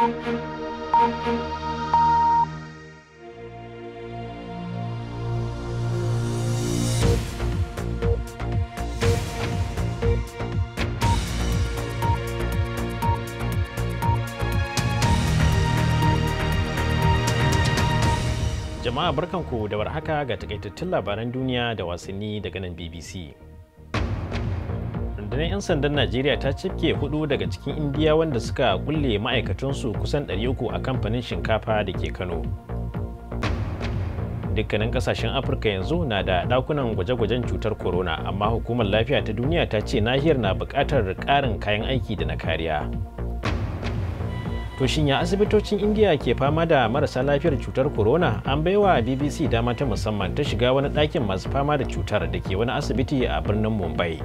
Jama'a barkanku da warhaka ga takaitattun labaran duniya da wasanni daga nan BBC. rundunar 'yan sandan najeriya ta cike hudu daga cikin indiya wanda suka kulle ma'aikatansu kusan 300 a kamfanin shinkafa da ke kano dukkanin kasashen afirka yanzu na da dakunan gwaje-gwajen cutar corona amma hukumar lafiya ta duniya ta ce nahiyar na bukatar karin kayan aiki da na kariya to shin ya asibitocin indiya ke fama da marasa lafiyar cutar corona an baiwa bbc dama ta musamman ta shiga wani ɗakin masu fama da cutar da ke wani asibiti a birnin mumbai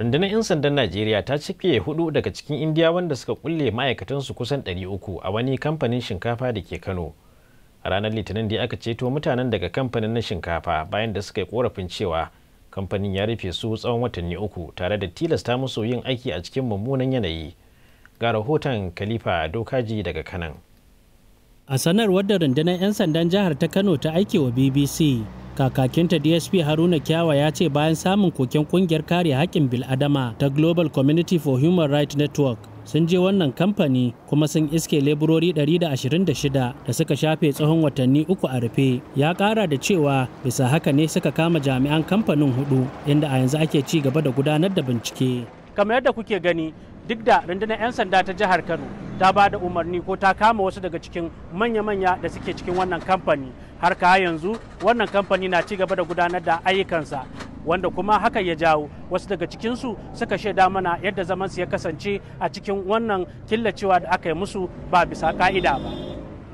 rundunar 'yan sandan najeriya ta cike hudu daga cikin indiya wanda suka kulle ma'aikatansu kusan 300 a wani kamfanin shinkafa da ke kano ranar litinin da aka ceto mutanen daga kamfanin na shinkafa bayan da suka yi korafin cewa kamfanin ya rufe su tsawon watanni uku tare da tilasta musu yin aiki a cikin mummunan yanayi ga rahoton khalifa dokaji daga kanan a sanarwar da rundunar 'yan sandan jihar ta kano ta aike wa bbc kakakinta dsp haruna kyawa ya ce bayan samun koken kungiyar kare haƙƙin biladama ta global community for human rights network sun je wannan kamfani kuma sun iske leburori 126 da suka shafe tsohon watanni uku a rufe ya kara da cewa bisa haka ne suka kama jami'an kamfanin hudu inda a yanzu ake ci gaba da gudanar da bincike kamar yadda kuke gani duk da rundunar 'yan sanda ta jihar kano ta ba da umarni ko ta kama wasu daga cikin manya-manya da suke cikin wannan kamfani har ka yanzu wannan kamfani na ci gaba da gudanar da ayyukansa wanda kuma haka ya jawo wasu daga cikinsu suka shaida mana yadda zamansu ya kasance a cikin wannan killacewa da aka yi musu ba bisa ka'ida ba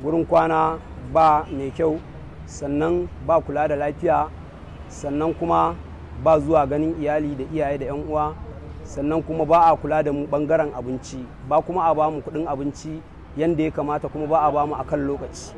wurin kwana ba mai kyau sannan ba kula da lafiya sannan kuma ba zuwa ganin iyali da iyaye da 'yan uwa sannan kuma ba a kula da mu bangaren abinci ba kuma a bamu mu kuɗin abinci yadda ya kamata kuma ba a bamu a kan lokaci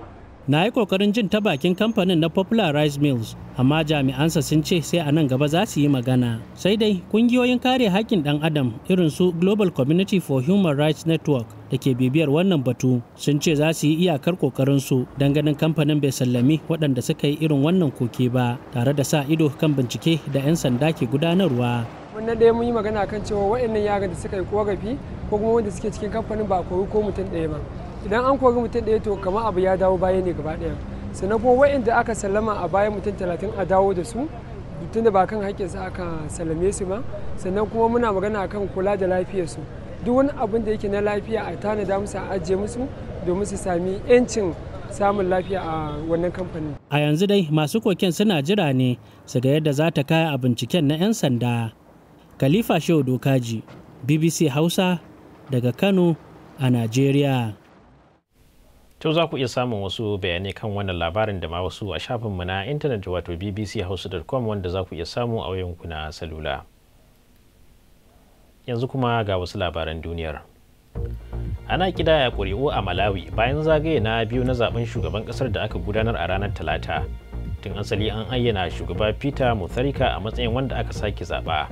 na yi kokarin jin ta bakin kamfanin na popular rice mills amma jami'ansa sun ce sai a nan gaba za su yi magana sai dai kungiyoyin kare haƙƙin ɗan adam irin su global community for human rights network da ke bibiyar wannan batu sun ce za su yi iyakar kokarin su don ganin kamfanin bai sallami waɗanda suka yi irin wannan koke ba tare da sa ido kan bincike da 'yan sanda ke gudanarwa wannan ɗaya mun yi magana kan cewa waɗannan yaran da suka yi korafi ko kuma wanda suke cikin kamfanin ba kori ko mutum ɗaya ba idan an kori mutum ɗaya to kamar abu ya dawo baya ne gaba ɗaya sannan kuma waɗanda aka sallama a bayan mutum talatin a dawo da su tun da ba kan su aka sallame su ba sannan kuma muna magana kan kula da lafiyarsu duk wani abin da yake na lafiya a tanada musu a ajiye musu domin su sami 'yancin samun lafiya a wannan kamfanin. A yanzu dai masu koken suna jira ne su ga yadda za ta kaya a binciken na 'yan sanda. Khalifa Shehu Dokaji, BBC Hausa daga Kano a Najeriya. To za ku iya samun wasu bayanai kan wannan labarin da ma wasu a shafinmu na intanet wato bbchausa.com wanda za ku iya samu a wayanku na salula. Yanzu kuma ga wasu labaran duniyar. Ana kidaya ƙuri'u a Malawi bayan zagaye na biyu na zaben shugaban ƙasar da aka gudanar a ranar Talata. tun asali an ayyana shugaba peter mutharika a matsayin wanda aka sake zaba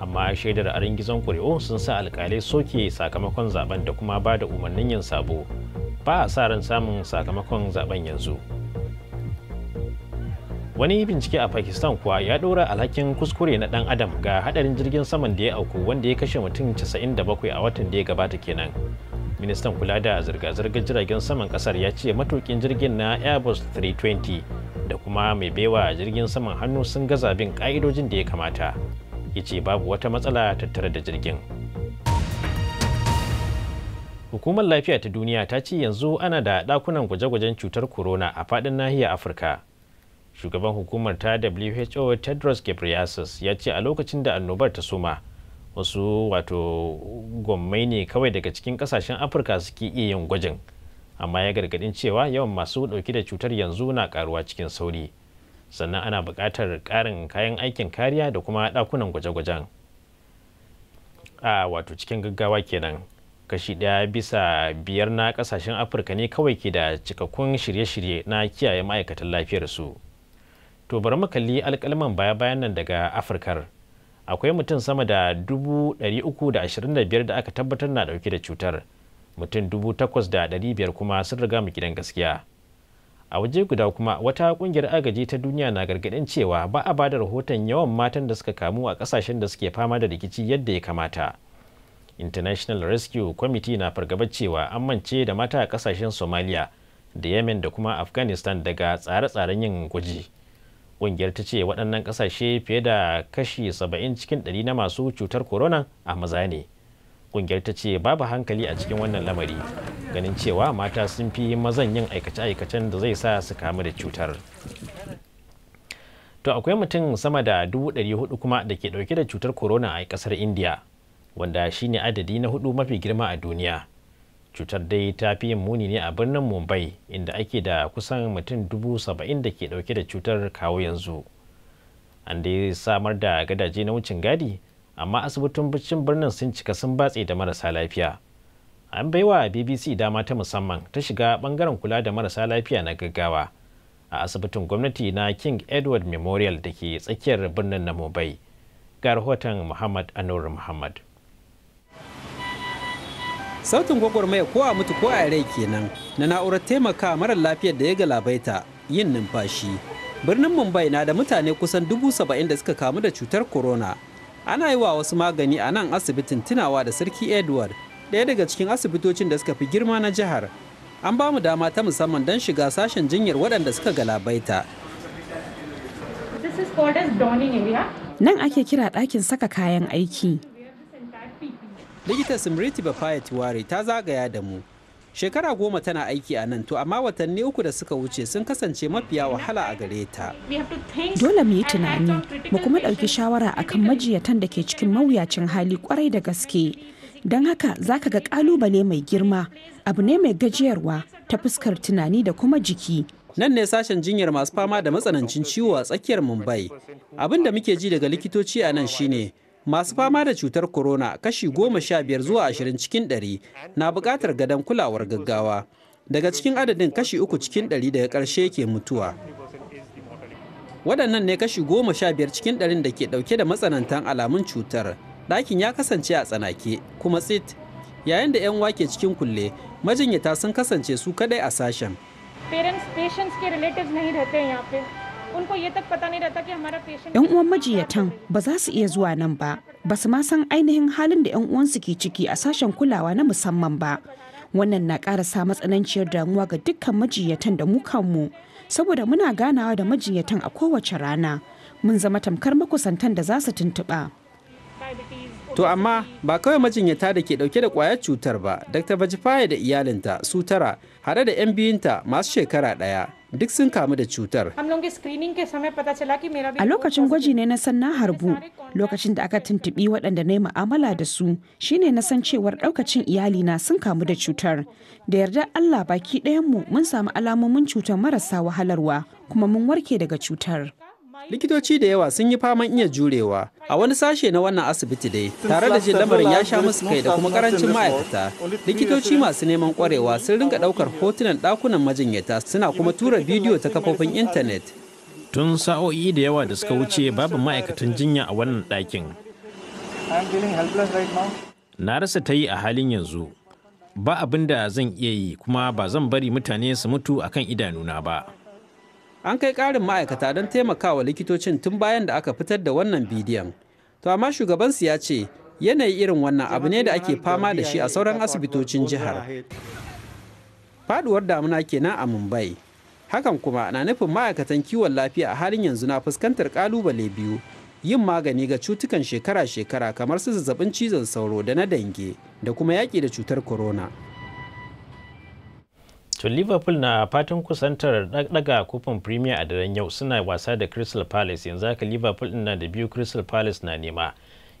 amma shaidar arin gizon ƙuri'u sun sa alkalai soke sakamakon zaben da kuma ba da umarnin yin sabo ba a sa ran samun sakamakon zaben yanzu wani bincike a pakistan kuwa ya ɗora alhakin kuskure na ɗan adam ga hadarin jirgin saman da ya auku wanda ya kashe mutum 97 a watan da ya gabata kenan ministan kula da zirga-zirgar jiragen saman kasar ya ce matukin jirgin na airbus 320 da kuma mai baiwa jirgin saman hannu sun gaza bin ƙa'idojin da ya kamata ya ce babu wata matsala tattare da jirgin hukumar lafiya ta duniya ta ce yanzu ana da ɗakunan gwaje-gwajen cutar corona a faɗin nahiyar afirka shugaban hukumar ta who tedros ghebreyesus ya ce a lokacin da annobar ta suma wasu wato gwammai ne kawai daga cikin kasashen afirka suke iya yin gwajin amma ya gargadin cewa yawan masu dauke da cutar yanzu na karuwa cikin sauri sannan ana buƙatar ƙarin kayan aikin kariya da kuma ɗakunan gwaje-gwajen a wato cikin gaggawa kenan kashi ɗaya bisa biyar na ƙasashen afirka ne kawai ke da cikakkun shirye-shirye na kiyaye ma'aikatan lafiyar su to bari mu kalli alƙalman baya-bayan nan daga afirkar akwai mutum sama da 325 da aka tabbatar na ɗauke da cutar mutum dubu takwas da ɗari biyar kuma sun riga mu gidan gaskiya a waje guda kuma wata kungiyar agaji ta duniya na gargaɗin cewa ba a bada rahoton yawan matan da suka kamu a ƙasashen da suke fama da rikici yadda ya kamata international rescue committee na fargabar cewa an mance da mata a ƙasashen somalia da yemen da kuma afghanistan daga tsare-tsaren yin gwaji ƙungiyar ta ce waɗannan ƙasashe fiye da kashi 70 cikin 100 na masu cutar corona a maza ne. kungiyar ta ce babu hankali a cikin wannan lamari ganin cewa mata sun fi mazan yin aikace-aikacen da zai sa su kamu da cutar to akwai mutum sama da 400 kuma da ke dauke da cutar corona a kasar india wanda shine adadi na hudu mafi girma a duniya cutar dai ta fi yin muni ne a birnin mumbai inda ake da kusan mutum dubu saba'in da ke dauke da cutar kawo yanzu an dai samar da gadaje na wucin gadi amma asibitin bicin birnin sun cika sun batse da marasa lafiya an baiwa bbc dama ta musamman ta shiga bangaren kula da marasa lafiya na gaggawa a asibitin gwamnati na king edward memorial da ke tsakiyar birnin na mumbai ga rahoton muhammad anur muhammad sautin gwagwarmaya ko a mutu ko a rai kenan na na'urar taimaka mara lafiyar da ya galabaita yin numfashi birnin mumbai na da mutane kusan dubu saba'in da suka kamu da cutar corona ana yi wa wasu magani a nan asibitin tunawa da sarki edward ɗaya daga cikin asibitocin da suka fi girma na jihar an ba mu dama ta musamman don shiga sashen jinyar waɗanda suka galabaita nan ake kira ɗakin saka kayan aiki likita simriti bafayet ware ta zagaya da mu shekara goma tana aiki a nan to amma watanni uku da suka wuce sun kasance mafiya wahala a gare ta dole mu yi tunani mu kuma ɗauki shawara akan majiyatan da ke cikin mawuyacin hali kwarai da gaske don haka za ka ga ƙalubale mai girma abu ne mai gajiyarwa ta fuskar tunani da kuma jiki nan ne sashen jinyar masu fama da matsanancin ciwo a tsakiyar mumbai abin da muke ji daga likitoci a nan shine masu fama da cutar corona kashi goma sha biyar zuwa ashirin cikin ɗari na buƙatar gadon kulawar gaggawa daga cikin adadin kashi uku cikin ɗari daga ƙarshe ke mutuwa waɗannan ne kashi goma sha biyar cikin ɗarin da ke ɗauke da matsanantan alamun cutar ɗakin ya kasance a tsanake kuma tsit yayin da 'yan wake cikin kulle majinyata sun kasance su kaɗai a sashen parents patients उनको ये तक पता yan uwan majiyatan ba za su iya zuwa nan ba ba su ma san ainihin halin da yan uwansu ke ciki a sashen kulawa na musamman ba wannan na ƙarasa matsananciyar damuwa ga dukkan majiyatan da mu kanmu saboda muna ganawa da majiyatan a kowace rana mun zama tamkar makusantan da za su tuntuɓa. To amma ba kawai majinyata da ke dauke da kwayar cutar ba, Dr. faye da iyalinta su tara hada da 'yan biyunta masu shekara daya duk sun kamu da cutar. A lokacin gwaji ne na san na harbu lokacin da aka tuntuɓi waɗanda na yi mu'amala da su shine na san cewar ɗaukacin iyalina sun kamu da cutar. Da yarda Allah baki ɗayanmu mun samu alamomin cutar marasa wahalarwa kuma mun warke daga cutar. likitoci da yawa sun yi faman iya jurewa a wani sashe na wannan asibiti dai tare da jin lamarin ya sha musu kai da kuma karancin ma'aikata likitoci masu neman kwarewa sun ringa daukar hotunan dakunan majinyata suna kuma tura bidiyo ta kafofin intanet tun sa'o'i da yawa da suka wuce babu ma'aikatan jinya a wannan ɗakin na rasa ta yi a halin yanzu ba abin da zan iya yi kuma ba zan bari mutane su mutu akan idanuna ba an kai ƙarin ma'aikata don taimakawa likitocin tun bayan da aka fitar da wannan bidiyon to amma shugabansu ya ce yanayi irin wannan abu ne da ake fama da shi a sauran asibitocin jihar faduwar damuna kenan a mumbai hakan kuma na nufin ma'aikatan kiwon lafiya a halin yanzu na fuskantar kalubale biyu yin magani ga cutukan shekara-shekara kamar su zazzabin cizon sauro da na dange da kuma yaƙi da cutar corona. To Liverpool na fatan kusantar daga kofin Premier a daren yau suna wasa da Crystal Palace yanzu haka Liverpool na da biyu Crystal Palace na nema.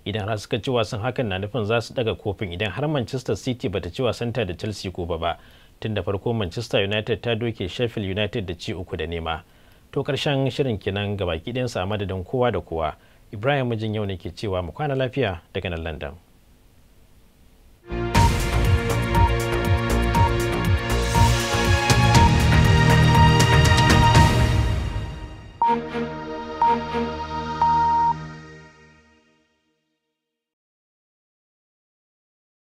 Idan har suka ci wasan hakan na nufin za su daga kofin idan har Manchester City bata ci wasan ta da Chelsea ko ba. Tun da farko Manchester United ta doke Sheffield United da ci uku da nema. To karshen shirin kenan gabaki ɗayan sa madadin kowa da kowa. Ibrahim mijin yau ne ke cewa mu kwana lafiya daga nan London.